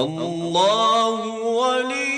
الله ولي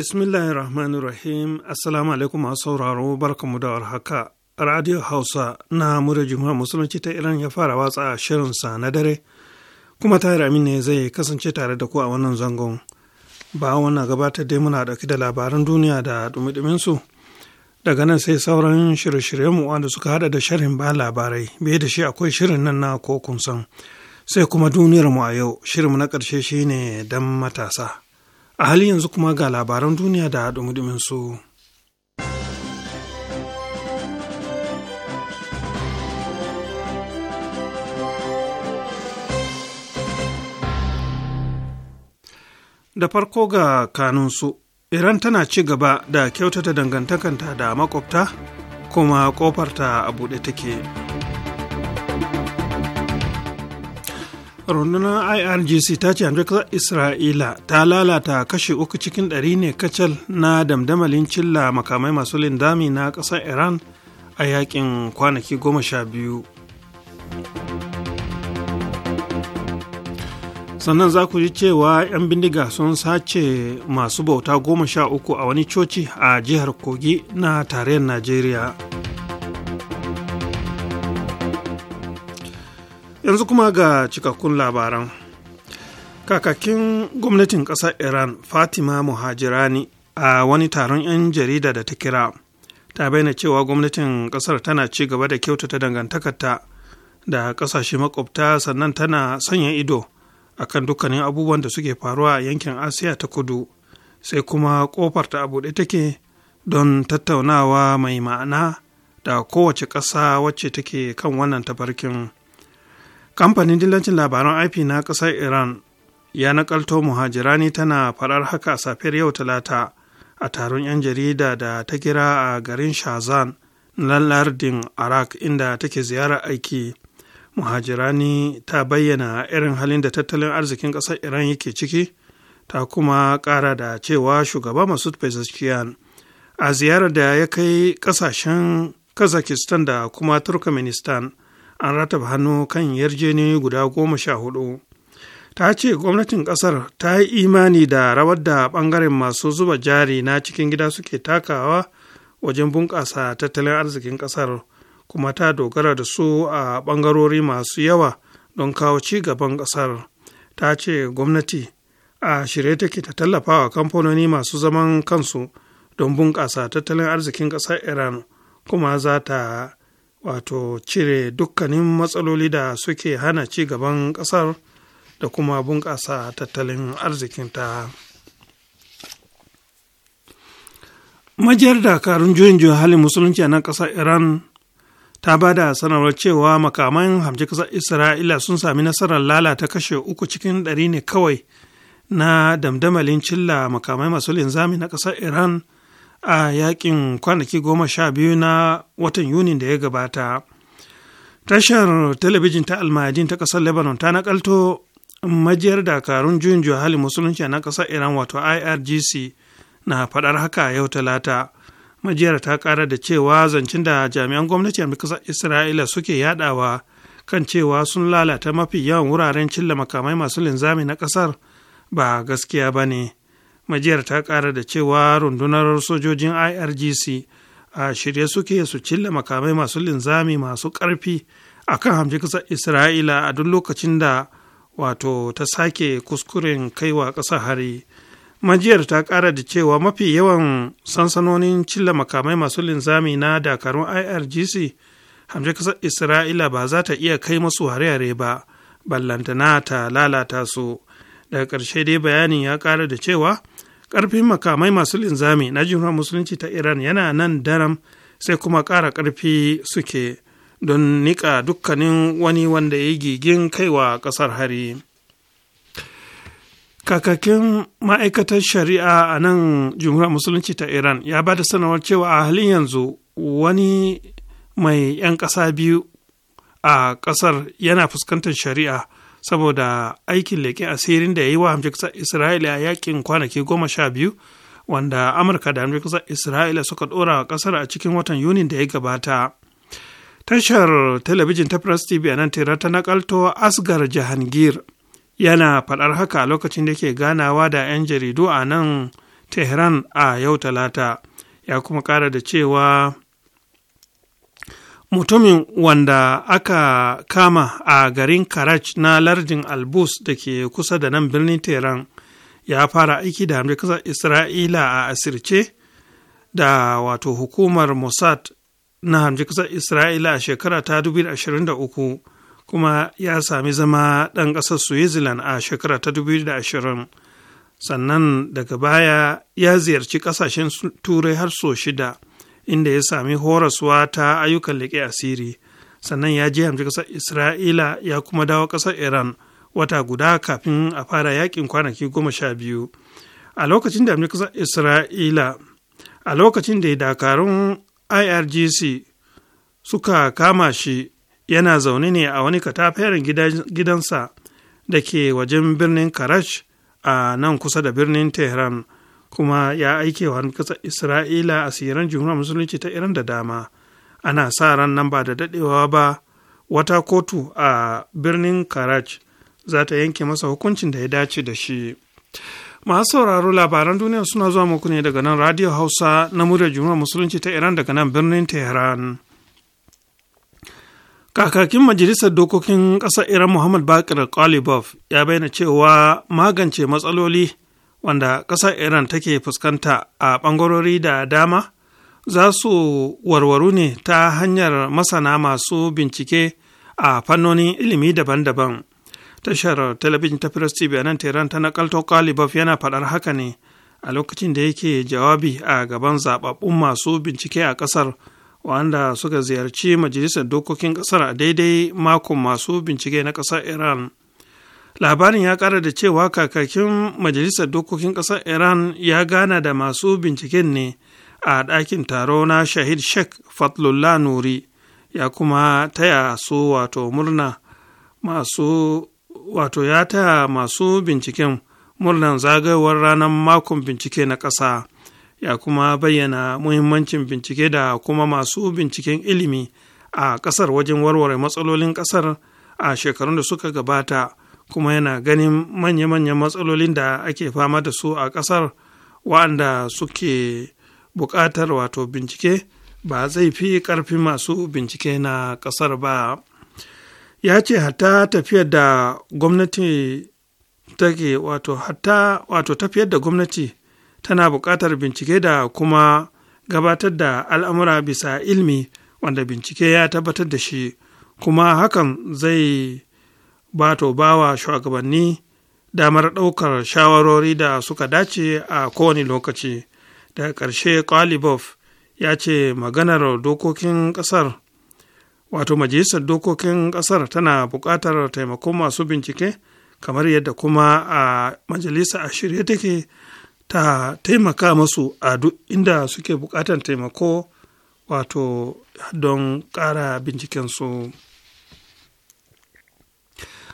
bismillahir rahmanir rahim assalamu alaikum masu sauraro barkamu da warhaka radio hausa na murya juma'a musulunci ta iran ya fara watsa shirinsa na dare kuma tahir yi ne zai kasance tare da ku a wannan zangon ba wannan gabatar dai muna dauki da labaran duniya da dumi su daga nan sai sauran shirye shiryen mu wanda suka hada da sharhin ba labarai biye da shi akwai shirin nan na ko kun san sai kuma duniyar mu a yau shirin na ƙarshe shine dan matasa a hali yanzu kuma ga labaran duniya da mudumin su da farko ga kanunsu iran tana ci gaba da kyautata dangantakanta da makwabta kuma ƙofarta a buɗe take rundunar irgc ta ce amurka isra'ila ta lalata kashe uku cikin ɗari ne kacal na damdamalin cilla makamai masu lindami na ƙasar iran a yakin kwanaki goma sha biyu sannan za ku ji cewa 'yan bindiga sun sace masu bauta goma sha uku a wani coci a jihar kogi na tarayyar najeriya yanzu kuma ga cikakkun labaran kakakin gwamnatin ƙasar iran fatima muhajirani a wani taron 'yan jarida da ta kira ta bayyana cewa gwamnatin ƙasar tana ci gaba da kyautata dangantakarta da ƙasashe makwabta sannan tana sanya ido a kan dukkanin abubuwan da suke faruwa a yankin asiya ta kudu sai kuma kofar ta buɗe take don tattaunawa mai ma'ana da kowace ƙasa wacce take kan wannan tafarkin kamfanin dillancin labaran ip na ƙasar iran ya nakalto muhajirani tana farar haka safiyar yau talata a taron 'yan jarida da ta kira a garin shazan na lardin arak inda take ziyarar aiki muhajirani ta bayyana irin halin da tattalin arzikin ƙasar iran yake ciki ta kuma ƙara da cewa shugaba Masu pezeshkian a ziyarar da ya kai ƙasashen kazakistan da kuma turkmenistan an rataba hannu kan yarjejeniyoyi guda goma sha hudu ta ce gwamnatin kasar ta yi imani da rawar da bangaren masu zuba jari na cikin gida suke takawa wajen bunƙasa tattalin arzikin kasar kuma ta dogara da su a bangarori masu yawa don kawo ci gaban kasar ta ce gwamnati a shirye take ta tallafa wa kamfanoni masu zaman kansu don bunƙasa tattalin arzikin ƙasar iran kuma za ta wato cire dukkanin matsaloli da suke hana ci gaban ƙasar da kuma bunƙasa tattalin arzikinta majiyar dakarun juyin juyin halin musulunci a nan ƙasar iran ta ba da sanarwar cewa makaman hamji ƙasar isra'ila sun sami nasarar lalata kashe uku cikin ɗari ne kawai na damdamalin cilla makamai masu linzami na ƙasar iran a yakin kwanaki goma sha biyu na watan yunin da ya gabata tashar talabijin ta almadin ta ƙasar lebanon ta nakalto majiyar dakarun juyin juya hali musulunci na kasar iran wato irgc na faɗar haka yau talata majiyar ta kara da cewa zancen da jami'an gwamnati kasar isra'ila suke yadawa kan cewa sun lalata mafi yawan wuraren cilla makamai masu linzami na ƙasar ba gaskiya ba ne majiyar ta ƙara da cewa rundunar sojojin irgc a shirye suke su cilla makamai masu linzami masu ƙarfi a kan hamji ƙasar isra'ila a duk lokacin da wato ta sake kuskuren kaiwa ƙasar hari majiyar ta ƙara da cewa mafi yawan sansanonin cilla makamai masu linzami na dakarun irgc hamji ƙasar isra'ila ba za ta iya kai masu hare-hare ba ballantana ta lalata su daga ƙarshe dai bayanin ya ƙara da cewa ƙarfin makamai masu linzami na jihar musulunci ta iran yana nan daram sai kuma ƙara ƙarfi suke don niƙa dukkanin wani wanda ya yi gigin kaiwa ƙasar hari kakakin ma'aikatar shari'a a nan jihar musulunci ta iran ya ba da sanarwar cewa a halin yanzu wani mai 'yan ƙasa biyu a ƙasar yana fuskantar shari'a saboda aikin leƙe asirin da ya yi wa hamshe isra'ila a yakin kwanaki goma sha biyu wanda amurka da hamshe isra'ila suka ɗora ƙasar a cikin watan yunin da ya gabata tashar talabijin ta press tv a nan tera ta nakalto asgar jahangir yana faɗar haka a lokacin da ke ganawa da 'yan jaridu a nan tehran a yau talata ya kuma ƙara da cewa mutumin wanda aka kama a garin karaj na lardin albus da ke kusa da nan birnin tehran ya fara aiki da hamdar kasar isra'ila a asirce da wato hukumar mossad na hamdar kasar isra'ila a shekara ta 2023 kuma ya sami zama ɗan ƙasar switzerland a shekara ta 2020 sannan daga baya ya ziyarci ƙasashen turai har so shida inda ya sami horaswa ta ayyukan leƙe asiri sannan ya je hamshi ƙasar isra'ila ya kuma dawo ƙasar iran wata guda kafin a fara yaƙin kwanaki goma sha biyu a lokacin da hamshi ƙasar isra'ila a lokacin da dakarun irgc suka kama shi yana zaune ne a wani katafaren gidansa da ke wajen birnin karash a nan kusa da birnin tehran kuma ya aike wa ƙasar isra'ila asiran jumhuriyar musulunci ta iran da dama ana sa ran nan ba da daɗewa ba wata kotu a birnin karaj za ta yanke masa hukuncin da ya dace da shi masu sauraro labaran duniya suna zuwa muku ne daga nan radio hausa na muryar jumhuriyar musulunci ta iran daga nan birnin tehran kakakin majalisar dokokin ƙasar iran muhammad bakir kalibov ya bayyana cewa magance matsaloli wanda ƙasar iran take fuskanta a ɓangarori da dama za su warwaru ne ta hanyar masana masu bincike a fannonin ilimi daban-daban tashar talabijin ta press tv a nan tehran ta nakalto kalibov yana faɗar haka ne a lokacin da yake jawabi a gaban zababbun masu bincike a ƙasar wanda suka ziyarci majalisar dokokin ƙasar a daidai makon masu bincike na ƙasar iran labarin ya kara da cewa kakakin majalisar dokokin ƙasar iran ya gana da masu binciken ne a ɗakin taro na shahid sheikh fatlullah nuri ya kuma taya su wato murna masu wato ya taya masu binciken murnan zagayowar ranar makon bincike na ƙasa ya kuma bayyana muhimmancin bincike da kuma masu binciken ilimi a ƙasar wajen warware matsalolin ƙasar a shekarun da suka gabata kuma yana ganin manya-manyan matsalolin da ake fama da su a ƙasar wa'anda suke buƙatar wato bincike ba zai fi ƙarfin masu bincike na ƙasar ba ya ce hatta tafiyar da gwamnati take wato hatta wato tafiyar da gwamnati tana buƙatar bincike da kuma gabatar da al'amura bisa ilmi wanda bincike ya tabbatar da shi kuma hakan zai ba to ba wa shugabanni damar ɗaukar shawarori da suka dace a kowane lokaci daga ƙarshe kwalibov ya ce maganar dokokin ƙasar wato majalisar dokokin ƙasar tana buƙatar taimakon masu bincike kamar yadda kuma a majalisa a shirye take ta taimaka masu a duk inda suke buƙatar taimako wato don ƙara bincikensu.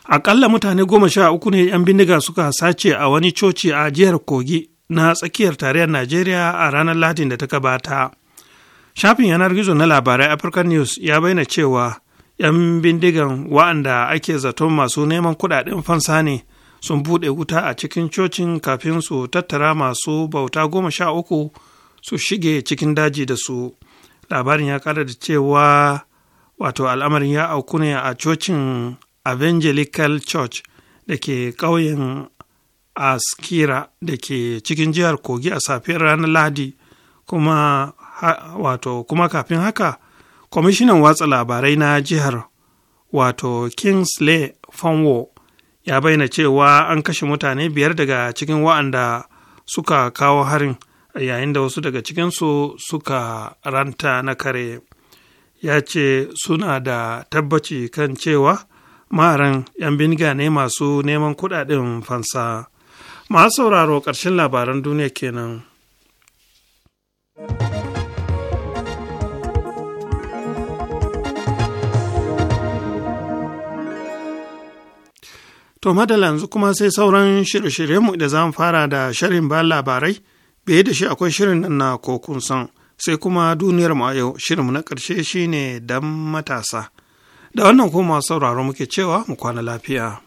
Aƙalla mutane goma sha uku ne 'yan bindiga suka sace a wani coci a jihar Kogi na tsakiyar tarayyar Najeriya a ranar Latin da ta gabata. Shafin yanar gizo na labarai African News ya bayyana cewa 'yan bindigan wa'anda ake zaton masu neman kuɗaɗen fansa ne sun buɗe wuta a cikin cocin kafin su tattara masu bauta goma sha uku su shige cikin daji da su. Labarin ya da cewa wato al'amarin ya auku ne a cocin evangelical church da ke ƙauyen askira da ke cikin jihar kogi a safiyar ranar lahadi kuma wato kuma kafin haka kwamishinan watsa labarai na jihar wato kingsley fanwo ya bayyana cewa an kashe mutane biyar daga cikin wa'anda suka kawo harin yayin da wasu daga cikinsu suka ranta na kare ya ce suna da tabbaci kan cewa maharan 'yan bindiga ne masu neman kudaden fansa masu sauraro ƙarshen labaran duniya kenan. To madala yanzu kuma sai sauran shirye-shiryenmu da za fara da shirin ba labarai, biye da shi akwai shirin nan na kokun san, sai kuma duniyar mu a yau shirinmu na ƙarshe shine dan matasa. da wannan kuma sauraro muke cewa mu kwana lafiya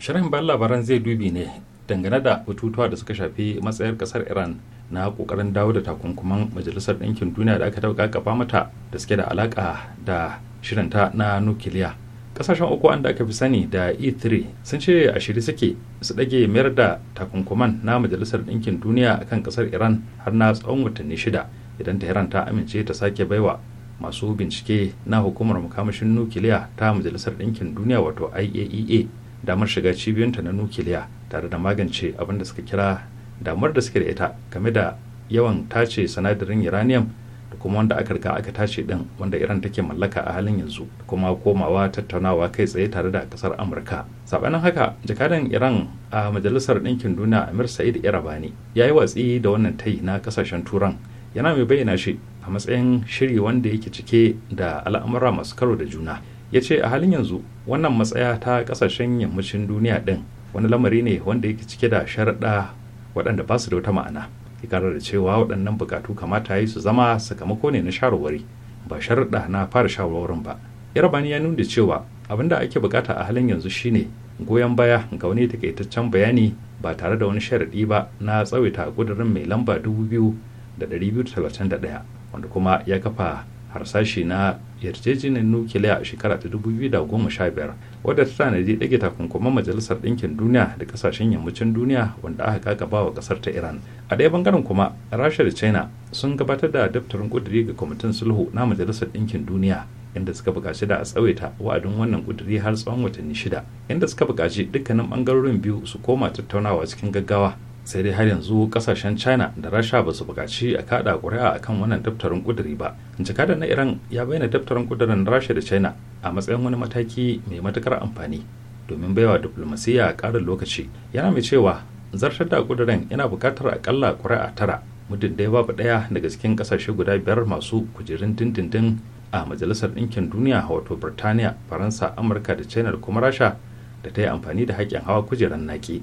shirin bayan labaran zai dubi ne dangane da batutuwa da suka shafi matsayar kasar iran na kokarin dawo da takunkuman majalisar ɗinkin duniya da aka dauka mata da suke da alaka da shirinta na nukiliya kasashen uku wanda aka fi sani da e3 sun ce a shiri suke su ɗage mayar da takunkuman na majalisar ɗinkin duniya kan ƙasar iran har na tsawon watanni shida idan tehran ta amince ta sake baiwa masu bincike na hukumar makamashin nukiliya ta majalisar ɗinkin duniya wato iaea e damar shiga cibiyunta na nukiliya tare da magance abin da suka kira damar da suke da ita game da yawan tace sinadarin uranium kuma wanda aka riga aka tashi din wanda iran take mallaka a halin yanzu kuma komawa tattaunawa kai tsaye tare da kasar amurka sabanin haka jakadan iran a majalisar ɗinkin duniya amir sa'id irabani ya yi watsi da wannan tayi na kasashen turan yana mai bayyana shi a matsayin shiri wanda yake cike da al'amura masu karo da juna ya ce a halin yanzu wannan matsaya ta kasashen yammacin duniya din wani lamari ne wanda yake cike da sharaɗa waɗanda ba su da wata ma'ana ya kara da cewa waɗannan bukatu kamata ya yi su zama sakamako ne na shawarwari ba sharuɗa na fara shawarwarin ba yarabani ya nuna cewa abin da ake bukata a halin yanzu shine goyon baya ga wani takaitaccen bayani ba tare da wani sharaɗi ba na tsawaita ƙudurin mai lamba da 2231 wanda kuma ya kafa harsashi na yarjejeniyar nukiliya a shekara ta 2015 wadda ta tanadi ɗage takunkuman majalisar ɗinkin duniya da ƙasashen yammacin duniya wanda aka ba wa ƙasar ta iran a ɗaya bangaren kuma rasha da china sun gabatar da daftarin ƙuduri ga kwamitin sulhu na majalisar ɗinkin duniya inda suka buƙaci da a tsawaita wa'adin wannan ƙuduri har tsawon watanni shida inda suka buƙaci dukkanin ɓangarorin biyu su koma tattaunawa cikin gaggawa sai dai har yanzu kasashen china da rasha ba su bukaci a kada a kan wannan daftarin ƙuduri ba jakadar na iran ya bayyana daftarin kudurin rasha da china a matsayin wani mataki mai matukar amfani domin baiwa diplomasiya karin lokaci yana mai cewa zartar da kudurin yana bukatar akalla kuri'a tara muddin dai babu ɗaya daga cikin kasashe guda biyar masu kujerun dindindin a majalisar ɗinkin duniya wato birtaniya faransa amurka da china da kuma rasha da ta yi amfani da haƙƙin hawa kujerar naki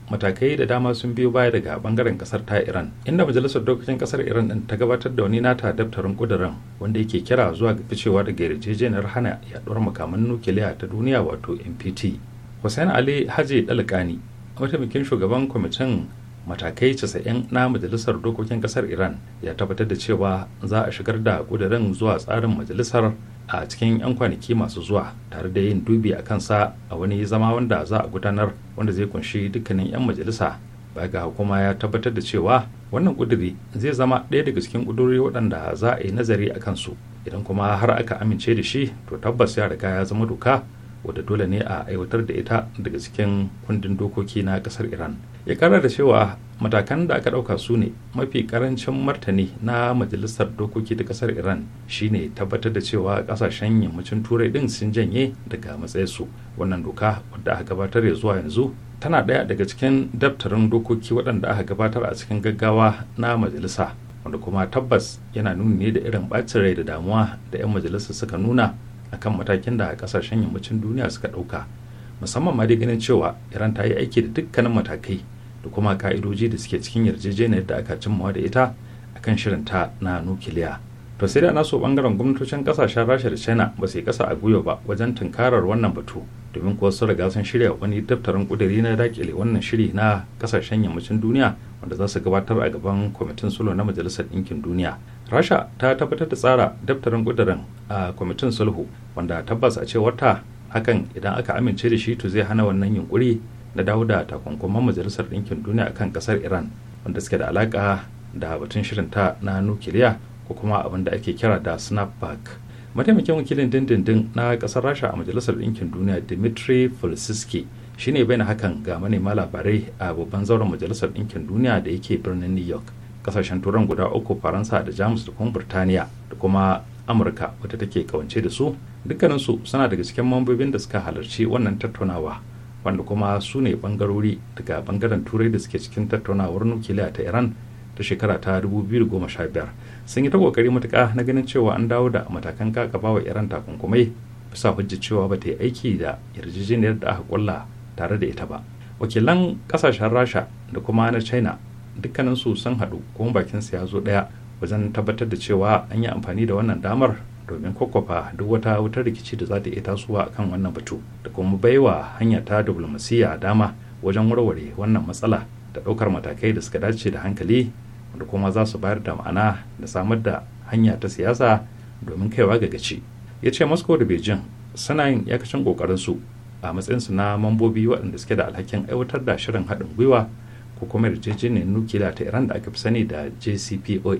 matakai da dama sun biyo baya daga bangaren kasar ta iran inda majalisar dokokin kasar iran din ta gabatar da wani nata daftarin kudirin wanda yake kira zuwa ga ficewa daga yarjejeniyar hana yaduwar makaman nukiliya ta duniya wato npt hussein ali haji dalkani mataimakin shugaban kwamitin matakai 90 na majalisar dokokin kasar iran ya tabbatar da cewa za a shigar da kudirin zuwa tsarin majalisar a cikin 'yan kwanaki masu zuwa tare da yin dubi a kansa a wani zama wanda za a gudanar wanda zai kunshi dukkanin 'yan majalisa baya ga hukuma ya tabbatar da cewa wannan ƙuduri zai zama ɗaya daga cikin ƙuduri waɗanda za a yi nazari a kansu idan kuma har aka amince da shi to tabbas ya riga ya zama doka wadda dole ne a aiwatar da ita daga cikin kundin dokoki na ƙasar iran ya ƙara da cewa matakan da aka ɗauka su ne mafi karancin martani na majalisar dokoki ta ƙasar iran shine tabbatar da cewa ƙasashen yammacin turai din sun janye daga matsayinsu wannan doka wadda aka gabatar ya zuwa yanzu tana ɗaya daga cikin daftarin dokoki waɗanda aka gabatar a cikin gaggawa na majalisa wanda kuma tabbas yana nuni ne da irin ɓacin rai da damuwa da 'yan majalisa suka nuna akan matakin da ƙasashen yammacin duniya suka ɗauka musamman ma dai ganin cewa iran ta yi aiki da dukkanin matakai da kuma ka'idoji da suke cikin yarjejeniyar da aka cimmawa da ita a kan shirin ta na nukiliya to sai da naso bangaren gwamnatocin kasashen rasha da china ba su yi kasa a gwiwa ba wajen tunkarar wannan batu domin kuwa sun riga sun shirya wani daftarin kudiri na dakile wannan shiri na kasashen yammacin duniya wanda za su gabatar a gaban kwamitin sulhu na majalisar ɗinkin duniya rasha ta tabbatar da tsara daftarin kudirin a kwamitin sulhu wanda tabbas a cewar ta hakan idan aka amince da shi to zai hana wannan yunkuri na dawo da takunkuman majalisar ɗinkin duniya akan ƙasar iran wanda suke da alaƙa da batun shirin ta na nukiliya ko kuma abin da ake kira da snapback mataimakin wakilin dindindin na ƙasar rasha a majalisar ɗinkin duniya dimitri fulsiski shine na hakan ga manema labarai a babban zauren majalisar ɗinkin duniya da yake birnin new york kasashen turan guda uku faransa da jamus da kuma burtaniya da kuma amurka wata take kawance da su dukkaninsu suna daga cikin mambobin da suka halarci wannan tattaunawa wanda kuma su ne bangarori daga bangaren turai da suke cikin tattaunawar nukiliya ta iran ta shekara ta 2015 sun yi ta kokari matuka na ganin cewa an dawo da matakan kakaba wa iran takunkumai bisa hujja cewa ba ta yi aiki da yarjejeniyar da aka kulla tare da ita ba wakilan kasashen rasha da kuma na china dukkaninsu sun haɗu kuma bakinsa ya zo ɗaya wajen tabbatar da cewa an yi amfani da wannan damar domin kwakwafa duk wata wutar rikici da za ta iya tasowa akan wannan batu da kuma baiwa hanya ta diplomasiya dama wajen warware wannan matsala da ɗaukar matakai da suka dace da hankali da kuma za su bayar da ma'ana da samar da hanya ta siyasa domin kaiwa ga gaci ya ce moscow da beijing suna yin iyakacin ƙoƙarinsu a matsayinsu na mambobi waɗanda suke da alhakin aiwatar da shirin haɗin gwiwa ko kuma yarjejeniyar nukiliya ta iran da aka fi sani da jcpoa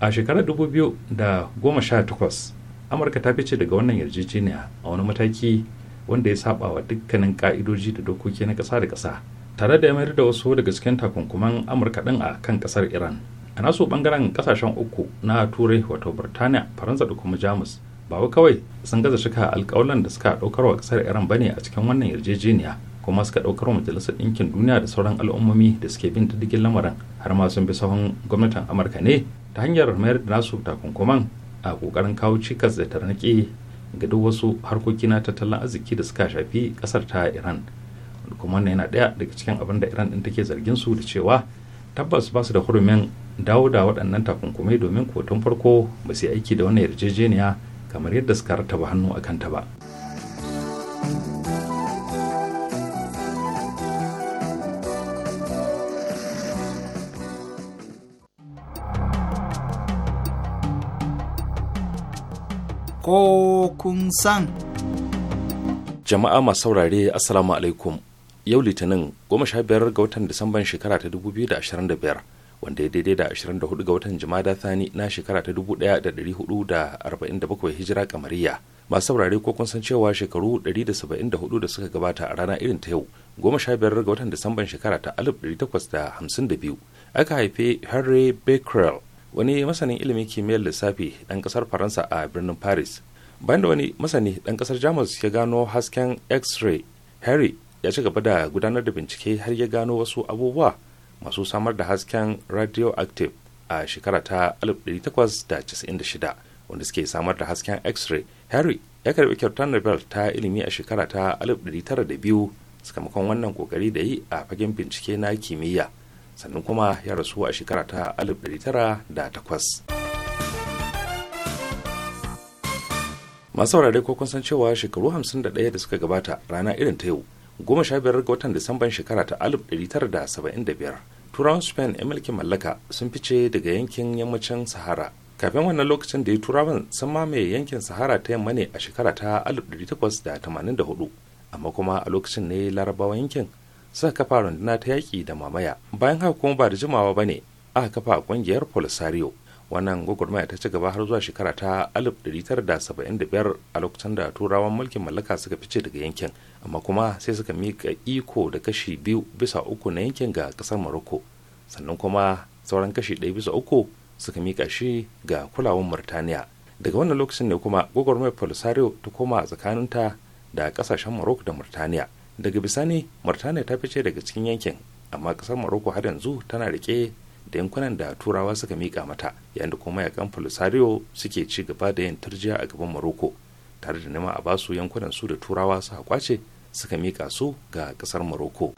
a shekarar 2018 amurka ta fice daga wannan yarjejeniya a wani mataki wanda ya saba wa dukkanin ka'idoji da dokoki na ƙasa da ƙasa tare da mayar da wasu daga cikin takunkuman amurka ɗin a kan ƙasar iran a naso bangaren ƙasashen uku na turai wato birtaniya faransa da kuma jamus ba wai kawai sun gaza shika alƙawalan da suka ɗaukar wa ƙasar iran bane a cikin wannan yarjejeniya kuma suka ɗaukar majalisar ɗinkin duniya da sauran al'ummomi da suke bin diddigin lamarin har ma sun bi sahun gwamnatin amurka ne ta hanyar mayar da nasu takunkuman a kokarin kawo cikas da tarnaƙi ga duk wasu harkoki na tattalin arziki da suka shafi kasar ta iran kuma wannan yana ɗaya daga cikin abin da iran ɗin take zargin su da cewa tabbas ba su da hurumin dawo da waɗannan takunkumai domin kotun farko ba su yi aiki da wannan yarjejeniya kamar yadda suka rataba hannu a kanta ba ko kun san. Jama'a masu saurare Assalamu alaikum yau litinin goma sha biyar ga watan Disamban shekara ta dubu biyu da ashirin da biyar wanda ya daidai da ashirin da hudu ga watan Jumada Thani na shekara ta dubu daya da dari hudu da arba'in da bakwai hijira kamariya. Masu saurare ko kun san cewa shekaru dari da saba'in da hudu da suka gabata a rana irin ta yau goma sha biyar ga watan Disamban shekara ta alif dari takwas da hamsin da biyu aka haife Harry Becquerel wani masanin ilimin kimiyyar lissafi ɗan ƙasar faransa a birnin paris bayan da wani masani ɗan ƙasar jamus ya gano hasken x-ray harry ya ci gaba da gudanar da bincike har ya gano wasu abubuwa masu samar da hasken radioactive a shekara ta 1896 wanda suke samar da hasken x-ray harry ya karbi kyautar nobel ta ilimi a shekara ta 1902 sakamakon wannan kokari da yi a fagen bincike na kimiyya sannan kuma ya rasu a shekara ta 1908 masu wurare ko kun san cewa shekaru 51 da suka gabata rana irin ta yau goma sha biyar ga watan disamban shekara ta 1975 turawan spain ya mulkin mallaka sun fice daga yankin yammacin sahara kafin wannan lokacin da ya turawan sun mamaye yankin sahara ta yamma ne a shekara ta 1884 amma kuma a lokacin ne larabawa yankin suka kafa runduna ta yaƙi da mamaya bayan haka kuma ba da jimawa ba ne aka kafa ƙungiyar polisario wannan gwagwarmaya ta ci gaba har zuwa shekara ta 1975 a lokacin da turawan mulkin mallaka suka fice daga yankin amma kuma sai suka mika iko da kashi biyu bisa uku na yankin ga kasar morocco sannan kuma sauran kashi ɗaya bisa uku suka mika shi ga kulawan murtaniya daga wannan lokacin ne kuma gwagwarmaya polisario ta koma tsakaninta da kasashen morocco da murtaniya daga bisani murtaniya ta fice daga cikin yankin amma kasar maroko har yanzu tana rike da yankunan da turawa suka mika mata yayin da kuma yakan polisario suke ci gaba da yin turjiya a gaban maroko tare da nema a basu yankunan su da turawa suka kwace suka mika su ga kasar maroko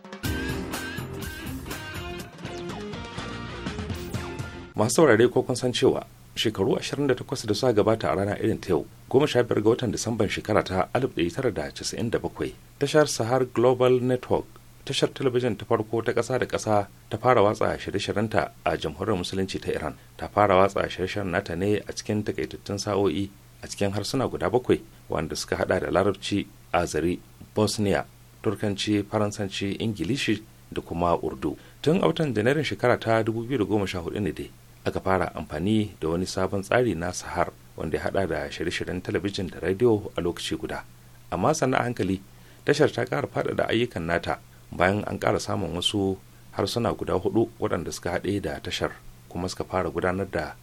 masu saurare ko kun san cewa shekaru 28 da suka gabata a rana irin ta yau goma sha biyar ga watan disamban shekara ta 1997 tashar sahar global network tashar talabijin ta farko ta ƙasa da kasa ta fara watsa shirye-shiryenta a jamhuriyar musulunci ta iran ta fara watsa shirye-shiryen nata ne a cikin takaitattun sa'o'i a cikin harsuna guda bakwai wanda suka hada da larabci a azari bosnia turkanci faransanci ingilishi da kuma urdu tun a watan janairun shekara ta 2014 ne dai aka fara amfani da wani sabon tsari na sahar wanda ya hada da shirye-shiryen talabijin da rediyo a lokaci guda amma sannan hankali tashar ta ƙara faɗaɗa ayyukan nata bayan an kara samun wasu harsuna guda hudu waɗanda suka haɗe da tashar kuma suka fara gudanar da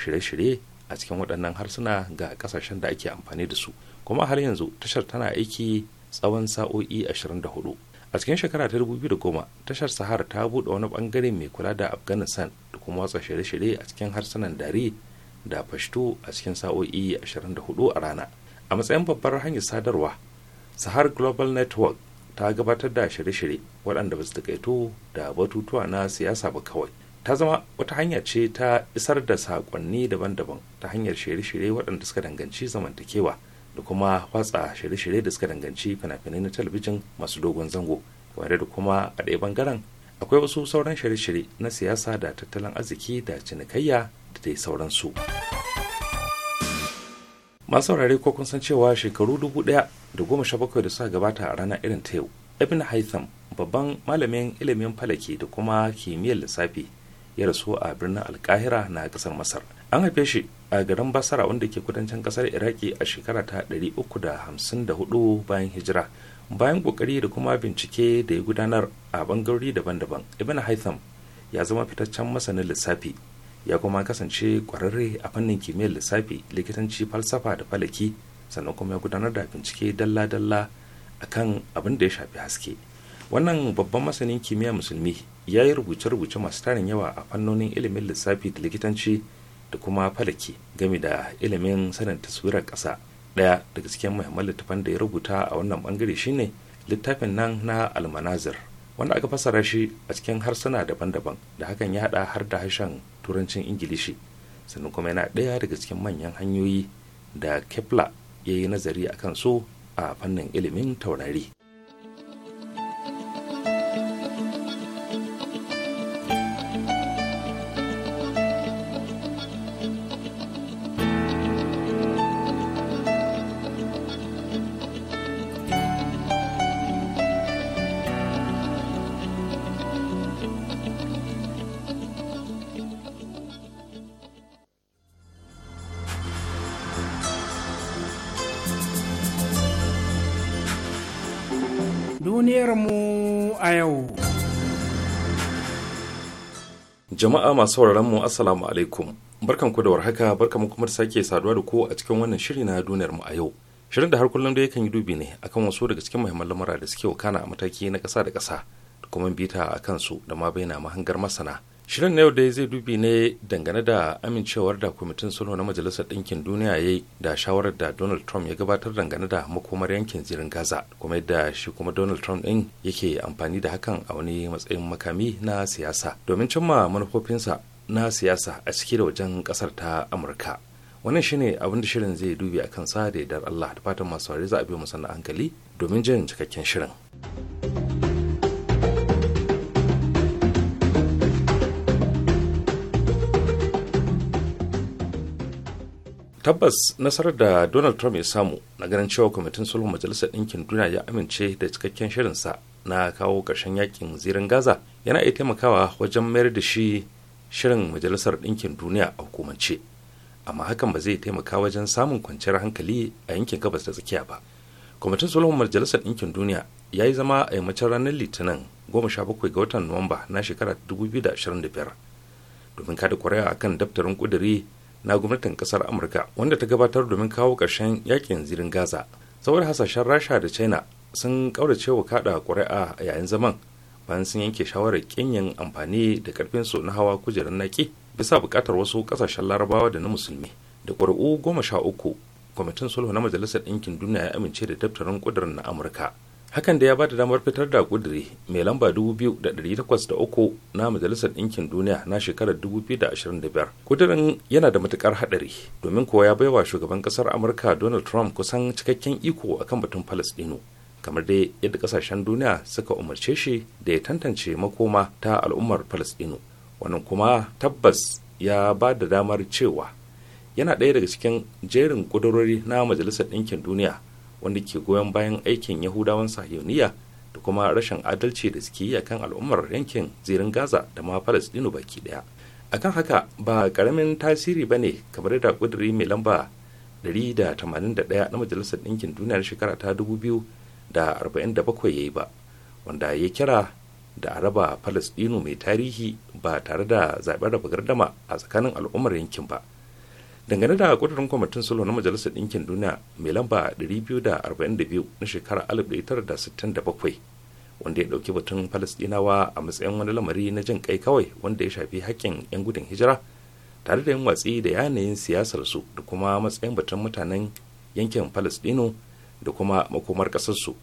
shirye-shirye a cikin waɗannan harsuna ga ƙasashen da ake amfani da su kuma har yanzu tashar tana aiki tsawon sa'o'i ashirin da hudu. a cikin shekara ta da goma tashar sahara ta buɗe wani bangare mai kula da afghanistan da kuma watsa shirye-shirye a cikin harsunan dari da fashto a cikin sa'o'i 24 a rana a matsayin babbar hanyar sadarwa sahar global network ta gabatar da shirye-shirye waɗanda ba su takaito da batutuwa na siyasa ba kawai ta zama wata hanya ce ta isar da saƙonni daban-daban ta hanyar shirye-shirye waɗanda suka danganci zamantakewa da kuma watsa shirye-shirye da suka danganci fina-finai na talabijin masu dogon zango wanda da kuma a ɗaya bangaren akwai wasu sauran shirye-shirye na siyasa da tattalin arziki da cinikayya da dai sauransu masu saurare ko kun san cewa shekaru dubu ɗaya da goma sha bakwai da suka gabata a ranar irin ta yau ibn haitham babban malamin ilimin falaki da kuma kimiyyar lissafi ya rasu a birnin alkahira na ƙasar masar an haife shi a garin basara wanda ke kudancin ƙasar iraki a shekara ta 354 bayan hijira bayan kokari da kuma bincike da ya gudanar a bangarori daban-daban ibn haitham ya zama fitaccen masanin lissafi ya kuma kasance kwararre a fannin kimiyyar lissafi likitanci falsafa da falaki sannan kuma ya gudanar da bincike dalla-dalla kan abin da ya shafi haske wannan babban masanin kimiyya musulmi ya yi rubuce-rubuce masu tarin yawa a fannonin ilimin lissafi da likitanci da kuma falaki game da ilimin sanin taswirar ƙasa daya daga cikin muhimman littafan da ya rubuta a wannan bangare shine littafin nan na almanazir wanda aka fassara shi a cikin harsuna daban-daban da hakan ya hada har da harshen turancin ingilishi sannan kuma yana daya daga cikin manyan hanyoyi da kepler ya yi nazari akan su a fannin ilimin taurari Jama'a masu sauraron mu Assalamu alaikum. Barkan ku da warhaka, barkan kuma da sake saduwa da ku a cikin wannan shiri na duniyar mu a yau. Shirin da har kullum da yakan yi dubi ne akan wasu daga cikin muhimman lamura da suke wakana a mataki na kasa da kasa da kuma bita a su da ma bayyana mahangar masana. Shirin na yau dai zai dubi ne dangane da amincewar da kwamitin sulhu na Majalisar Ɗinkin Duniya ya yi da shawarar da Donald Trump ya gabatar dangane da makomar yankin zirin Gaza, kuma yadda shi kuma Donald Trump ɗin yake amfani da hakan a wani matsayin makami na siyasa domin cimma manufofinsa na siyasa a ciki da wajen ƙasar ta Amurka. Wannan shine abin da shirin zai dubi a kansa da yardar Allah da fatan masu za a biyo musanna hankali domin jin cikakken shirin. tabbas nasarar da donald trump ya samu na ganin cewa kwamitin sulhun majalisar ɗinkin duniya ya amince da cikakken shirinsa na kawo ƙarshen yakin zirin gaza yana iya taimakawa wajen mayar da shi shirin majalisar ɗinkin duniya a hukumance amma hakan ba zai taimaka wajen samun kwanciyar hankali a yankin gabas da tsakiya ba kwamitin sulhun majalisar ɗinkin duniya ya yi zama a yammacin ranar litinin goma sha bakwai ga watan nuwamba na shekara da biyar domin kada kwarewa akan daftarin ƙuduri na gwamnatin kasar amurka wanda ta gabatar domin kawo ƙarshen yakin zirin gaza saboda hasashen rasha da china sun kaurace wa kada ƙuri'a a yayin zaman bayan sun yanke shawarar kinyin amfani da karfin su na hawa kujerar naki bisa buƙatar wasu ƙasashen larabawa da na musulmi da ƙuri'u goma sha uku kwamitin sulhu na majalisar ɗinkin duniya ya amince da daftarin ƙudurin na amurka hakan da ya ba da damar fitar da kuduri mai lamba 2,803 na majalisar ɗinkin duniya na shekarar 2025 kudirin yana da matukar haɗari domin kuwa ya baiwa shugaban ƙasar amurka donald trump kusan cikakken iko akan batun palestino kamar dai yadda ƙasashen duniya suka umarce shi da ya tantance makoma ta al'ummar palestino wannan kuma tabbas ya ba da damar cewa yana ɗaya daga cikin jerin ƙudurori na majalisar ɗinkin duniya wanda ke goyon bayan aikin yahudawan sahiyoniya da kuma rashin adalci da suke yi kan al'ummar yankin zirin gaza da ma palestino baki daya akan haka ba karamin tasiri ba ne kamar da kuduri mai lamba 181 na majalisar ɗinkin duniyar shekara ta 2047 ya yi ba wanda ya kira da a raba palestino mai tarihi ba tare da zaɓen raba gardama a tsakanin al'ummar yankin ba dangane da kudurin kwamitin sulhu na majalisar ɗinkin duniya mai lamba 242 na shekarar 1967 wanda ya ɗauki batun falasɗinawa a matsayin wani lamari na jin kai kawai wanda ya shafi haƙƙin 'yan gudun hijira tare da yin watsi da yanayin siyasarsu da kuma matsayin batun mutanen yankin falasɗinu da kuma makomar kasarsu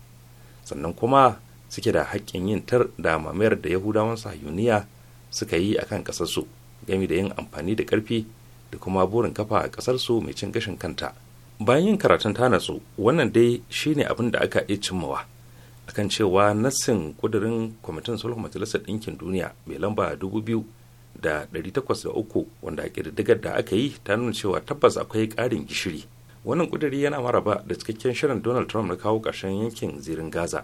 sannan kuma suke da haƙƙin yin tar da mamayar da yahudawan sahiyuniya suka yi a kan ƙasarsu game da yin amfani da ƙarfi da kuma burin kafa a kasar su mai cin gashin kanta bayan yin karatun ta natsu wannan dai shine abin da aka iya cimmawa akan cewa nassin kudirin kwamitin sulhu majalisar ɗinkin duniya mai lamba 2803 wanda ƙididdigar da aka yi ta nuna cewa tabbas akwai ƙarin gishiri wannan kudiri yana maraba da cikakken shirin donald trump na kawo ƙarshen yankin zirin gaza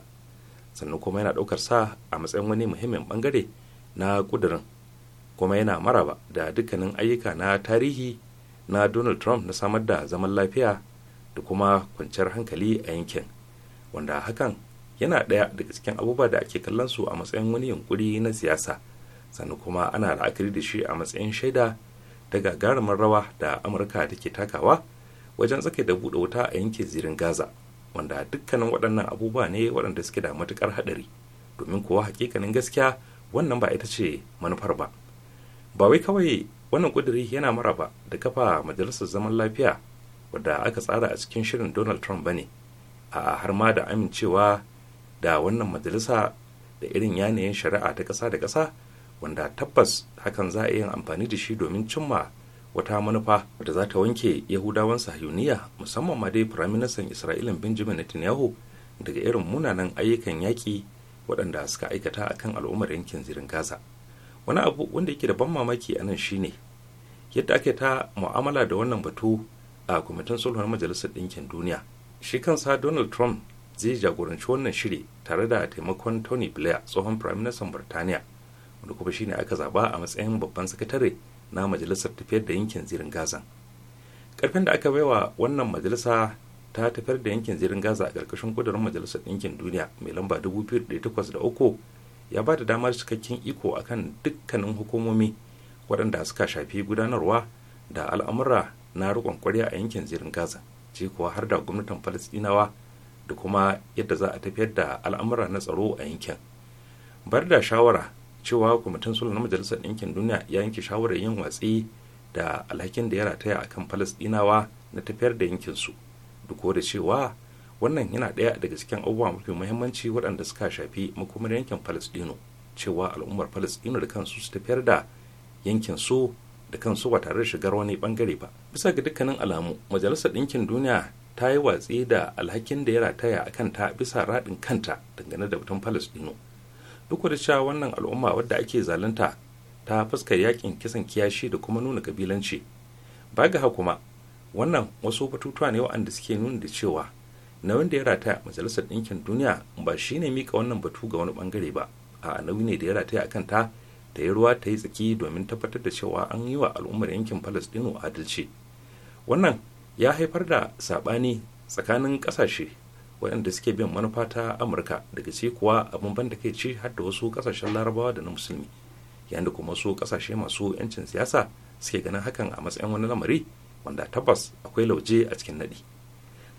sannan kuma yana ɗaukar sa a matsayin wani muhimmin bangare na kudirin kuma yana maraba da dukkanin ayyuka na tarihi na donald trump na samar da zaman lafiya da kuma kwanciyar hankali a yankin wanda hakan yana ɗaya daga cikin abubuwa da ake kallon su a matsayin wani yunkuri na siyasa sannan kuma ana la'akari da shi a matsayin shaida ta gagarumin rawa da amurka take takawa wajen tsaka da buɗe wuta a yankin zirin gaza wanda dukkanin waɗannan abubuwa ne waɗanda suke da matuƙar haɗari domin kuwa hakikanin gaskiya wannan ba ita ce manufar ba ba wai kawai wannan ƙuduri yana maraba da kafa majalisar zaman lafiya wadda aka tsara a cikin shirin donald trump ba ne a har ma da amincewa da wannan majalisa da irin yanayin shari'a ta ƙasa da ƙasa wanda tabbas hakan za a yin amfani da shi domin cimma wata manufa da za ta wanke yahudawan sahiyuniya musamman ma dai firaministan isra'ila benjamin netanyahu daga irin munanan ayyukan yaƙi waɗanda suka aikata akan al'ummar yankin zirin gaza wani abu wanda yake da ban mamaki a nan shine yadda ake ta mu'amala da wannan batu a kwamitin sulhun majalisar ɗinkin duniya shi kansa donald trump zai jagoranci wannan shiri tare da taimakon tony blair tsohon prime minister birtaniya wanda kuma shine aka zaba a matsayin babban sakatare na majalisar tafiyar da yankin zirin gazan karfin da aka baiwa wannan majalisa ta tafiyar da yankin zirin gaza a karkashin ƙudurin majalisar ɗinkin duniya mai lamba da 2803 ya ba da damar cikakken iko akan dukkanin hukumomi waɗanda suka shafi gudanarwa da al'amura na riƙon ƙwarya a yankin zirin gaza ce kuwa har da gwamnatin Falasɗinawa da kuma yadda za a tafiyar da al'amura na tsaro a yankin bar da shawara cewa kwamitin sulhu na majalisar ɗinkin duniya ya yanke shawarar yin watsi da alhakin da ya rataya akan falasɗinawa na tafiyar da yankinsu duk da cewa wannan yana ɗaya daga cikin abubuwa mafi muhimmanci waɗanda suka shafi makomar yankin palestino cewa al'ummar palestino da kansu su tafiyar da yankin su da kansu ba tare da shigar wani bangare ba bisa ga dukkanin alamu majalisar ɗinkin duniya ta yi watsi da alhakin da ya rataya a kanta bisa raɗin kanta dangane da batun palestino duk da cewa wannan al'umma wadda ake zalunta ta fuskar yakin kisan kiyashi da kuma nuna kabilanci ba ga kuma wannan wasu batutuwa ne waɗanda suke nuna da cewa na wanda ya rataya majalisar ɗinkin duniya ba shi ne mika wannan batu ga wani bangare ba a nauyi ne da ya rataya a kanta ta yi ruwa ta yi tsaki domin tabbatar da cewa an yi wa al'ummar yankin palestino adalci wannan ya haifar da saɓani tsakanin ƙasashe waɗanda suke bin manufa ta amurka daga ce kuwa abin ban da kai ce har da wasu ƙasashen larabawa da na musulmi yayin da kuma wasu ƙasashe masu 'yancin siyasa suke ganin hakan a matsayin wani lamari wanda tabbas akwai lauje a cikin naɗi.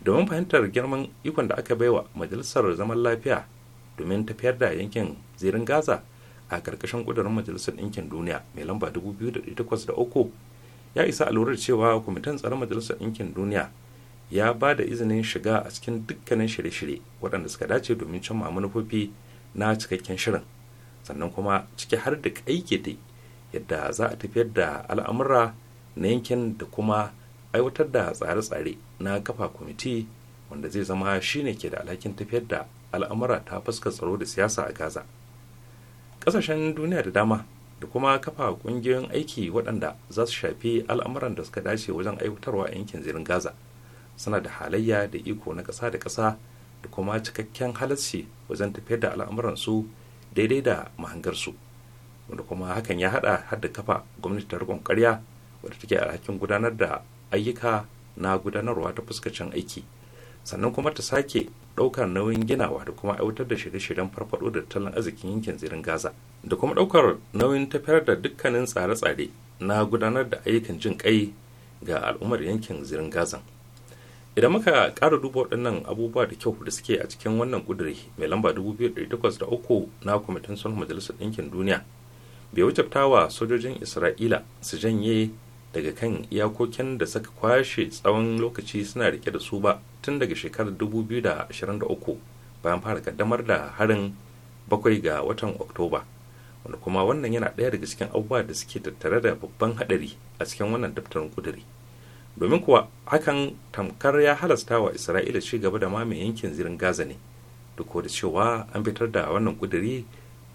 domin fahimtar girman ikon da aka baiwa majalisar zaman lafiya domin tafiyar da yankin zirin gaza a karkashin kudurin majalisar ɗinkin duniya mai lamba 2008 ya isa a cewa kwamitin tsaron majalisar ɗinkin duniya ya ba da izinin shiga a cikin dukkanin shirye-shirye waɗanda suka dace domin cimma manufofi na cikakken shirin sannan kuma ciki har da ƙaike yadda za a tafiyar da al'amura na yankin da kuma aiwatar da tsare-tsare na kafa kwamiti wanda zai zama shine ke da alhakin tafiyar da al'amura ta fuskar tsaro da siyasa a gaza ƙasashen duniya da dama da kuma kafa ƙungiyoyin aiki waɗanda za su shafi al'amuran da suka dace wajen aiwatarwa a yankin zirin gaza suna da halayya da iko na ƙasa da ƙasa da kuma cikakken halarci wajen tafiyar da al'amuran su daidai da mahangarsu wanda kuma hakan ya haɗa har da kafa gwamnati ta riƙon ƙarya wadda take alhakin gudanar da ayyuka na gudanarwa ta fuskacin aiki sannan kuma ta sake ɗaukar nauyin ginawa da kuma aiwatar da shirye-shiryen farfaɗo da tattalin arzikin yankin zirin gaza da kuma ɗaukar nauyin tafiyar da dukkanin tsare-tsare na gudanar da ayyukan jin kai ga al'ummar yankin zirin gazan idan muka ƙara duba waɗannan abubuwa da kyau da suke a cikin wannan ƙuduri mai lamba 2008 na kwamitin sulhu majalisar ɗinkin duniya bai wuce wa sojojin isra'ila su janye daga kan iyakokin da suka kwashe tsawon lokaci suna rike da su ba tun daga shekarar 2023 bayan fara kaddamar da harin bakwai ga watan oktoba wanda kuma wannan yana ɗaya daga cikin abubuwa da suke tattare da babban haɗari a cikin wannan daftarin kuduri domin kuwa hakan tamkar ya halasta wa isra'ila ci gaba da mamaye yankin zirin gaza ne duk da cewa an fitar da wannan kuduri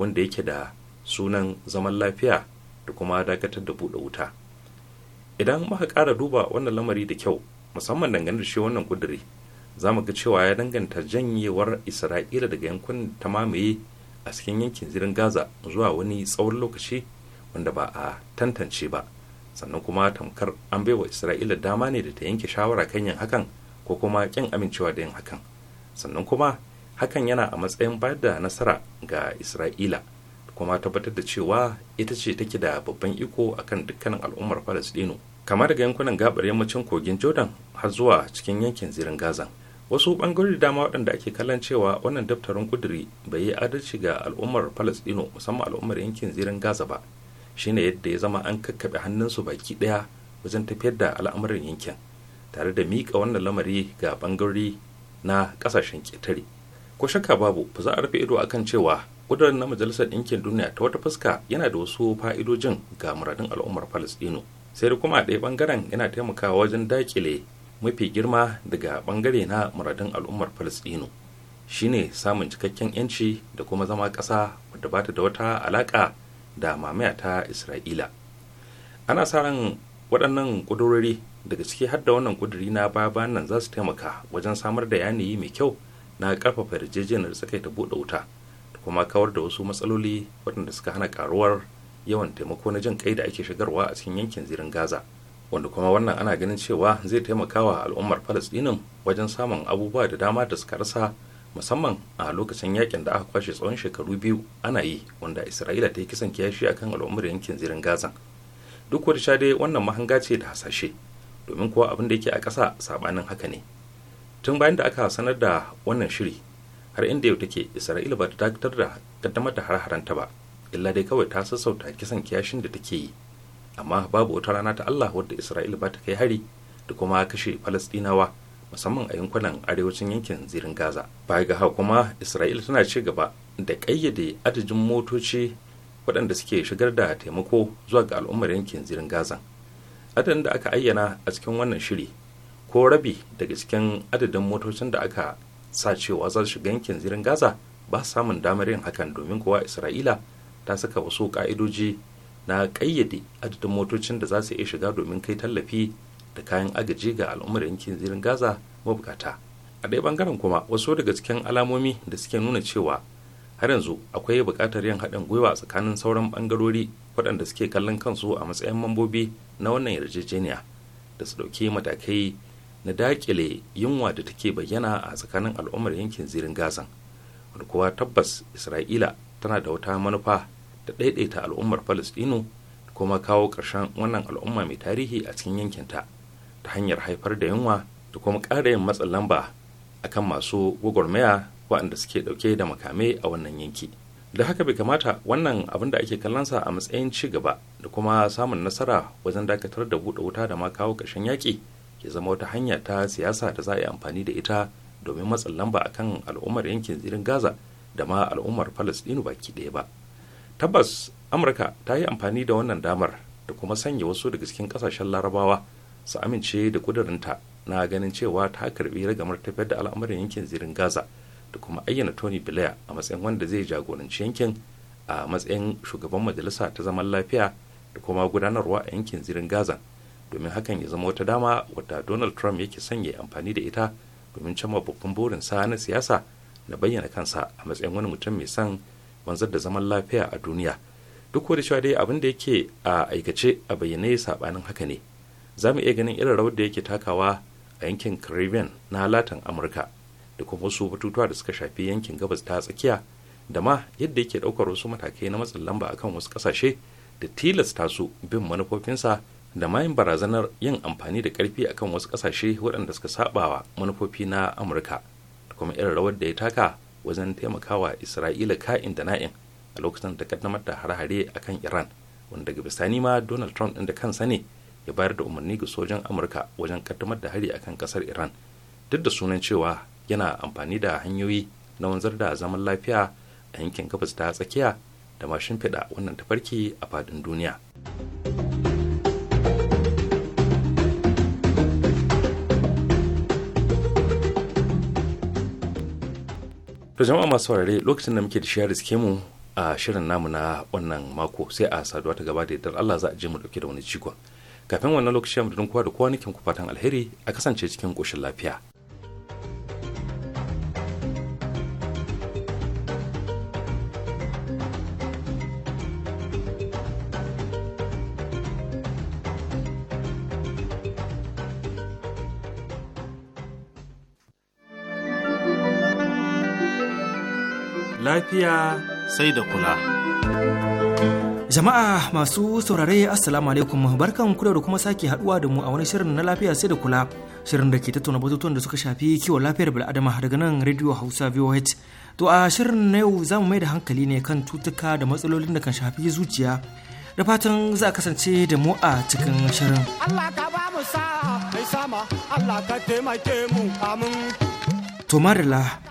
wanda yake da sunan zaman lafiya da kuma dakatar da buɗe wuta idan muka kara duba wannan lamari da kyau musamman dangane da shi wannan guduri za mu ga cewa ya danganta janyewar isra'ila daga yankunan ta mamaye a cikin yankin zirin gaza zuwa wani tsawon lokaci wanda ba a tantance ba sannan kuma tamkar an baiwa isra'ila dama ne da ta yanke shawara kan yin hakan ko kuma kin amincewa da yin hakan sannan kuma hakan yana a matsayin bayar da nasara ga isra'ila kuma tabbatar da cewa ita ce take da babban iko akan dukkanin al'ummar falastinu kama daga yankunan gabar yammacin kogin jordan har zuwa cikin yankin zirin gaza wasu bangarori dama waɗanda ake kallon cewa wannan daftarin kuduri bai yi adalci ga al'ummar palestino musamman al'ummar yankin zirin gaza ba shine yadda ya zama an kakkaɓe hannunsu baki ɗaya wajen tafiyar da al'amuran yankin tare da miƙa wannan lamari ga bangarori na ƙasashen ƙetare ko shakka babu ba za a rufe ido akan cewa ƙudurin na majalisar ɗinkin duniya ta wata fuska yana da wasu fa'idojin ga muradin al'ummar palestino sai da kuma a ɗaya bangaren yana taimakawa wajen dakile mafi girma daga ɓangare na muradun al'ummar falastinu shine samun cikakken yanci da kuma zama ƙasa wadda ba ta da wata alaƙa da mamaya ta isra'ila ana sa ran waɗannan ƙudurori daga ciki har da wannan ƙuduri na baya nan za su taimaka wajen samar da yanayi mai kyau na ƙarfafa yarjejeniyar da ta buɗe wuta da kuma kawar da wasu matsaloli waɗanda suka hana ƙaruwar yawan taimako na jin kai da ake shigarwa a cikin yankin zirin gaza wanda kuma wannan ana ganin cewa zai taimakawa al'ummar palestinin wajen samun abubuwa da dama da suka rasa musamman a lokacin yakin da aka kwashe tsawon shekaru biyu ana yi wanda isra'ila ta yi kisan kiyashi akan al'ummar yankin zirin gaza duk wata sha dai wannan mahanga ce da hasashe domin kuwa abin da yake a ƙasa sabanin haka ne tun bayan da aka sanar da wannan shiri har inda yau take isra'ila ba ta dakatar da kaddamar da har-haranta ba illa dai kawai ta sassauta kisan kiyashin da take yi amma babu wata rana ta Allah wadda Isra'ila ba ta kai hari da kuma kashe Falastinawa musamman a yankunan arewacin yankin zirin Gaza. Baya ga haka kuma Isra'ila tana ci gaba da kayyade adadin motoci waɗanda suke shigar da taimako zuwa ga al'ummar yankin zirin Gaza. Adadin da aka ayyana a cikin wannan shiri ko rabi daga cikin adadin motocin da aka sa cewa za su shiga yankin zirin Gaza ba samun damar yin hakan domin kowa Isra'ila ta saka wasu ƙa'idoji na ƙayyade adadin motocin da za su iya shiga domin kai tallafi da kayan agaji ga al'ummar yankin zirin gaza mabukata a ɗaya bangaren kuma wasu daga cikin alamomi da suke nuna cewa har yanzu akwai buƙatar yin haɗin gwiwa tsakanin sauran ɓangarori waɗanda suke kallon kansu a matsayin mambobi na wannan yarjejeniya da su ɗauki matakai na daƙile yunwa da take bayyana a tsakanin al'ummar yankin zirin gazan wani kuwa tabbas isra'ila tana da wata manufa da ɗaiɗaita al'ummar falastinu da kuma kawo ƙarshen wannan al'umma mai tarihi a cikin yankinta ta hanyar haifar da yunwa da kuma ƙara yin matsin lamba a kan masu gwagwarmaya waɗanda suke ɗauke da makamai a wannan yanki da haka bai kamata wannan abin da ake kallonsa a matsayin ci gaba da kuma samun nasara wajen dakatar da buɗe wuta da ma kawo ƙarshen yaƙi ke zama wata hanya ta siyasa da za a yi amfani da ita domin matsin lamba akan al'ummar yankin zirin gaza da ma al'ummar palestinu baki ɗaya ba tabbas amurka ta yi amfani da wannan damar da kuma sanya wasu daga cikin kasashen larabawa su amince da kudurinta na ganin cewa ta karbi ragamar tafiyar da al'amuran yankin zirin gaza da kuma ayyana tony blair a matsayin wanda zai jagoranci yankin a matsayin shugaban majalisa ta zaman lafiya da kuma gudanarwa a yankin zirin gaza domin hakan ya zama wata dama wadda donald trump yake sanya amfani da ita domin cimma babban burinsa na siyasa na bayyana kansa a matsayin wani mutum mai son wanzar da zaman lafiya a duniya duk da cewa dai abin da yake a aikace a bayyane sabanin haka ne za mu iya ganin irin rawar da yake takawa a yankin caribbean na latin amurka da kuma wasu batutuwa da suka shafi yankin gabas ta tsakiya da ma yadda yake ɗaukar wasu matakai na matsin lamba akan wasu kasashe da tilasta su bin manufofinsa da mayin barazanar yin amfani da karfi akan wasu kasashe waɗanda suka saɓawa manufofi na amurka kuma irin rawar da ya taka wajen taimakawa isra'ila ka'in da na'in a lokacin da kaddamar da hare-hare a kan iran wanda daga bisani ma donald trump ɗin da kansa ne ya bayar da umarni ga sojan amurka wajen kaddamar da hari a kan ƙasar iran duk da sunan cewa yana amfani da hanyoyi na wanzar da zaman lafiya a yankin gabas ta tsakiya da mashin fiɗa wannan tafarki a faɗin duniya. to jama'a masu saurare lokacin da muke da shiyar riske mu a shirin namu na wannan mako sai a saduwa ta gaba da yadda Allah za a je mu dauke da wani cikon kafin wannan lokacin mu da kowa da kowa nake ku fatan alheri a kasance cikin koshin lafiya lafiya sai da kula. Jama'a masu saurare Assalamu alaikum barkan ku da kuma sake haduwa da mu a wani shirin na lafiya sai da kula shirin da ke tattauna batutuwan da suka shafi kiwon lafiyar bil'adama daga nan Radio Hausa VOH. To a shirin na yau zamu mai da hankali ne kan cutuka da matsalolin da kan shafi zuciya da fatan za a kasance da mu a cikin shirin. Allah ka ba mu sa'a mai sama Allah ka taimake mu amin. To madalla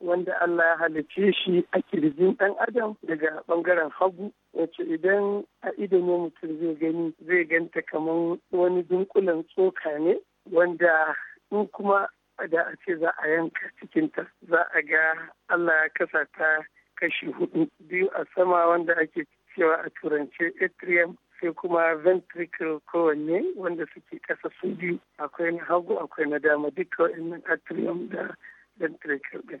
wanda Allah ya halice shi a kirjin ɗan adam daga ɓangaren hagu wacce idan a ne mutum zai gani zai ganta kamar wani dunkulen tsoka ne wanda in kuma da a ce za a yanka cikinta za a ga Allah ya kasa ta kashi hudu biyu a sama wanda ake cewa a turance atrium sai kuma ventricle kowanne wanda suke kasa su biyu akwai na hagu akwai na dama duka wa'annan atrium da ventricle din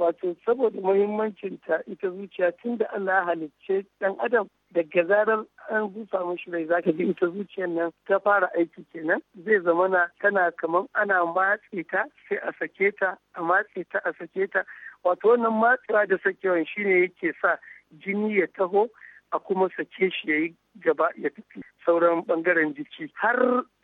wato saboda muhimmancin ta ita zuciya tun da Allah halicce dan adam daga zarar an busa mishi rai zaka ji ita zuciyar nan ta fara aiki kenan zai zama na tana kamar ana matse ta sai a sake ta a matse ta a sake ta wato wannan matsewa da sakewan shine yake sa jini ya taho a kuma sake shi yayi gaba ya tafi sauran bangaren jiki har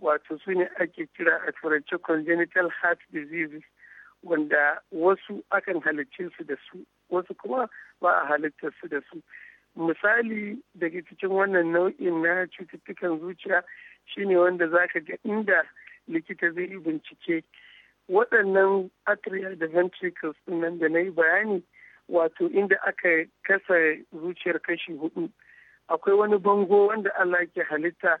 wato su ne ake kira a turance congenital heart disease wanda wasu akan halicce su da su wasu kuma ba a halittar su da su misali daga cikin wannan nau'in na cututtukan zuciya shine wanda zaka ga inda likita zai yi bincike waɗannan atria da ventricles nan da na yi bayani wato inda aka kasa zuciyar kashi hudu akwai wani bango wanda Allah ke halitta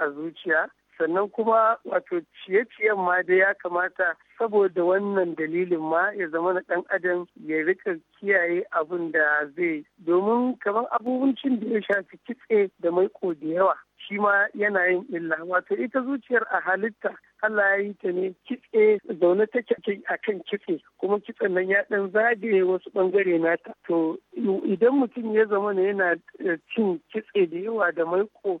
a zuciya sannan kuma wato ciye-ciyen ma dai ya kamata saboda wannan dalilin ma ya zama na ɗan adam ya rika kiyaye abin da zai domin kamar abubuncin da ya shafi kitse da maiƙo da yawa shi ma yana yin illa wato ita zuciyar a halitta Allah ya yi ta ne kitse zaune ta take a kan kitse kuma kitsen nan ya dan zagaye wasu bangare nata to idan mutum ya zama ne yana eh, cin kitse da yawa da maiko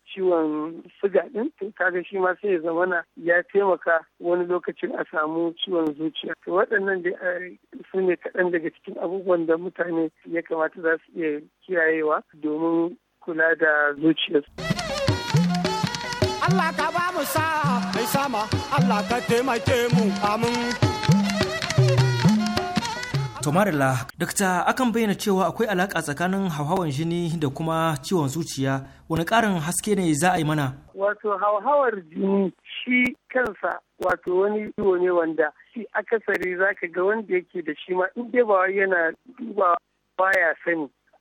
ciwon suga din to kaga shi ma sai ya zamana ya taimaka wani lokacin a samu ciwon zuciya to waɗannan da eh, su ne kaɗan daga cikin abubuwan da mutane ya kamata za su iya kiyayewa domin kula da zuciyarsu. Allah ka ba mu sa mai sama Allah ka taimake mu amin. Tomarila, dakta akan bayyana cewa akwai alaƙa tsakanin hauhawan jini da kuma ciwon zuciya, wani ƙarin haske ne za a yi mana? Wato hauhawar jini shi kansa wato wani iwo ne wanda shi akasari zaka ga wanda yake da shi ma in dai ba yana dubawa baya sani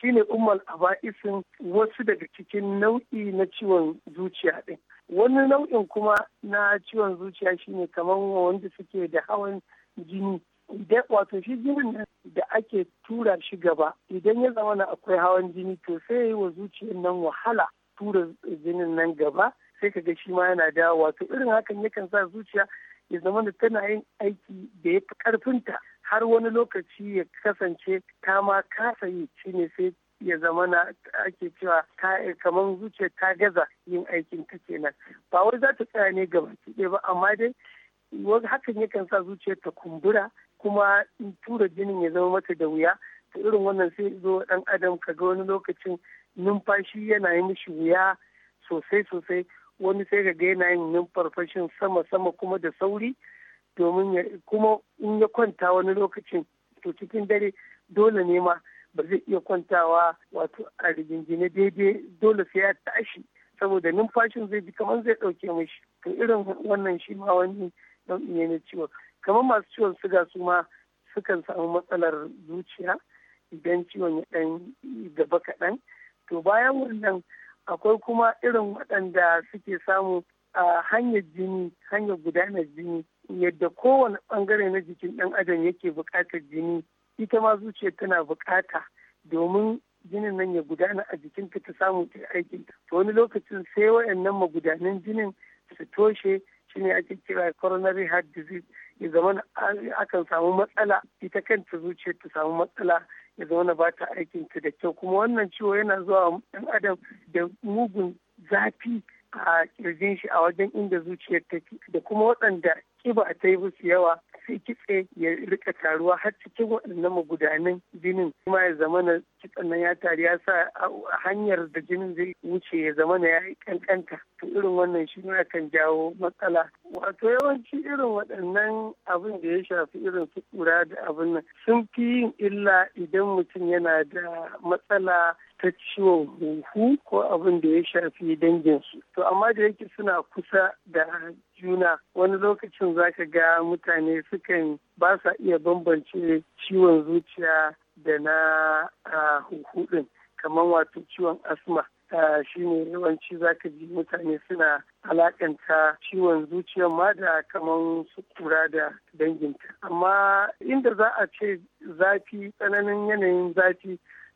shine a aba'isin wasu daga cikin nau'i na ciwon zuciya ɗin wani nau'in kuma na ciwon zuciya shine kamar wanda suke da hawan jini idan wato shi jinin nan da ake tura shi gaba idan ya zama na akwai hawan jini to sai yi wa zuciyar nan wahala tura jinin nan gaba sai ka ga shi ma yana dawo Wato irin hakan yakan sa zuciya ya zama da tana yin aiki da ya fi karfinta har wani lokaci ya kasance ta ma kasa yi shi ne sai ya zama na ake cewa ta kamar zuciya ta gaza yin aikin ta kenan ba wai za ta tsaya ne gaba ɗaya ba amma dai wani hakan yakan sa zuciya ta kumbura kuma tura jinin ya zama mata da wuya ta irin wannan sai zo dan adam ka ga wani lokacin numfashi yana yi mishi wuya sosai sosai wani sai ga yana yin numfashin sama sama kuma da sauri domin ya kuma in ya kwanta wani lokacin to cikin dare dole ne ma ba zai iya kwantawa wato a rigingine daidai dole sai ya tashi saboda numfashin zai ji kamar zai dauke mishi to irin wannan shi ma wani nau'i ne na ciwon kamar masu ciwon suga su ma sukan samu matsalar zuciya idan ciwon ya dan gaba kaɗan to bayan wannan akwai kuma irin waɗanda suke samu a hanyar jini hanyar gudanar jini yadda kowane bangare na jikin dan adam yake bukatar jini ita ma zuciyar tana bukata domin jinin nan ya gudana a jikinta ta samu ta aiki to wani lokacin sai wayannan magudanan jinin su toshe shine ake kira coronary heart disease ya zama akan samu matsala ita kanta zuciyar ta samu matsala ya zama ba ta aikin ta da kyau kuma wannan ciwo yana zuwa dan adam da mugun zafi a kirjin shi a wajen inda zuciyar take da kuma waɗanda kiba a ta yi musu yawa sai kitse ya rika taruwa har cikin waɗannan magudanan jinin kuma ya zamana kitsan nan ya taru ya sa hanyar da jinin zai wuce ya zamana ya yi kankanta to irin wannan shi ne kan jawo matsala wato yawanci irin waɗannan abin da ya shafi irin su kura da abin nan sun fi yin illa idan mutum yana da matsala ta ciwon huhu ko abin da ya shafi danginsu. To amma da yake suna kusa da juna wani lokacin zaka ga mutane sukan ba sa iya bambance ciwon zuciya da na huhu din kamar wato ciwon asma. shi ne yawanci za ka ji mutane suna alakanta ciwon zuciyar ma da kamar su kura da danginta amma inda za a ce zafi tsananin yanayin zafi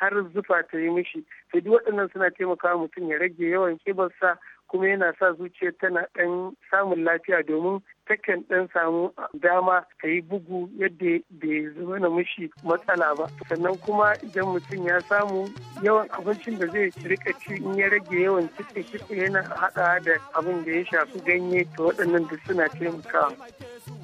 har zufa ta yi mishi sai duk waɗannan suna taimakawa mutum ya rage yawan kibarsa kuma yana sa zuciya tana ɗan samun lafiya domin takan ɗan samu dama ka yi bugu yadda bai zama na mushi matsala ba sannan kuma idan mutum ya samu yawan abincin da zai rika ci in ya rage yawan kitse kitse yana haɗa da abin da ya shafi ganye to waɗannan duk suna taimakawa.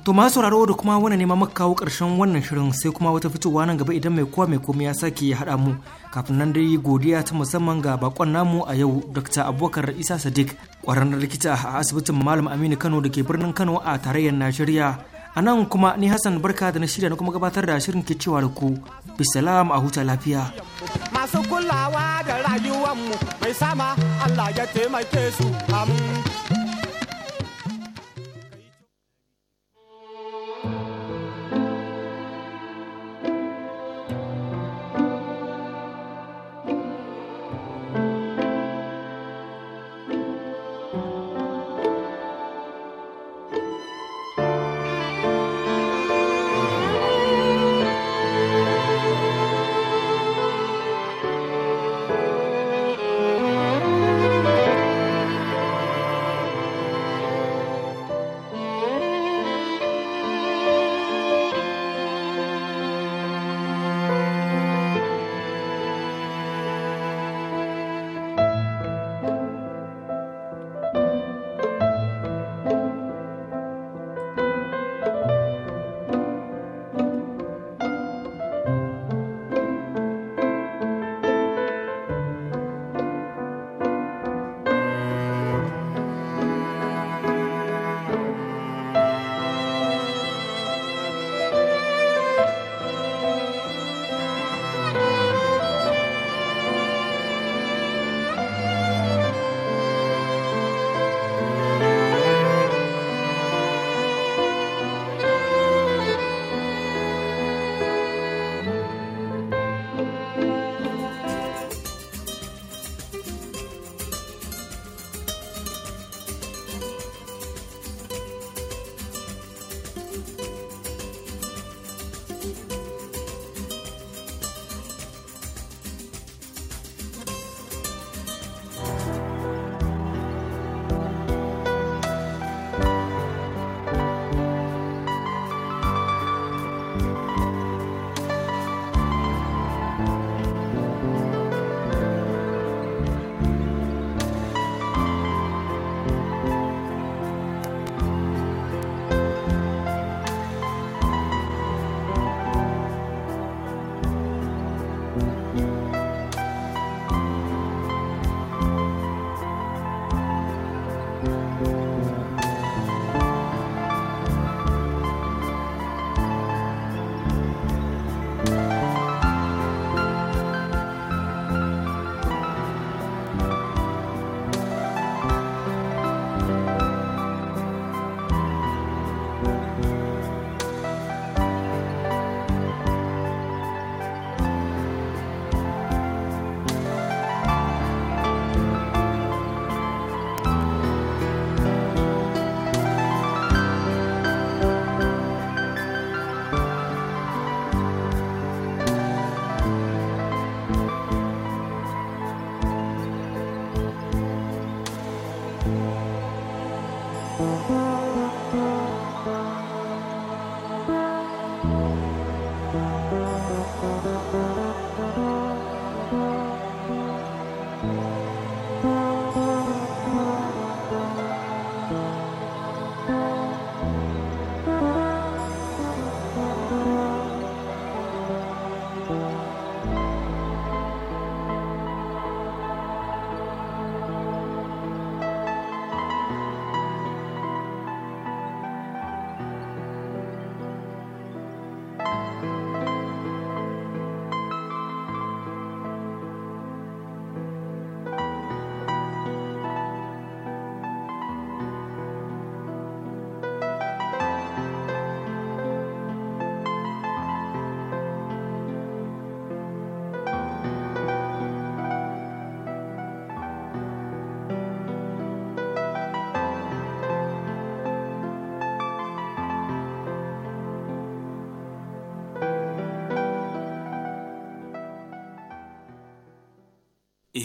To ma sauraro da kuma wani neman maka kawo ƙarshen wannan shirin sai kuma wata fitowa nan gaba idan mai kowa mai komai ya sake ya haɗa mu kafin nan dai godiya ta musamman ga bakon namu a yau dr abubakar isa sadiq kwararren likita a asibitin malam aminu kano da ke birnin kano a tarayyar najeriya a nan kuma ni hassan barka da na shirya na kuma gabatar da shirin ke cewa da ku bisalam a huta lafiya masu kulawa da rayuwanmu mai sama allah ya taimake su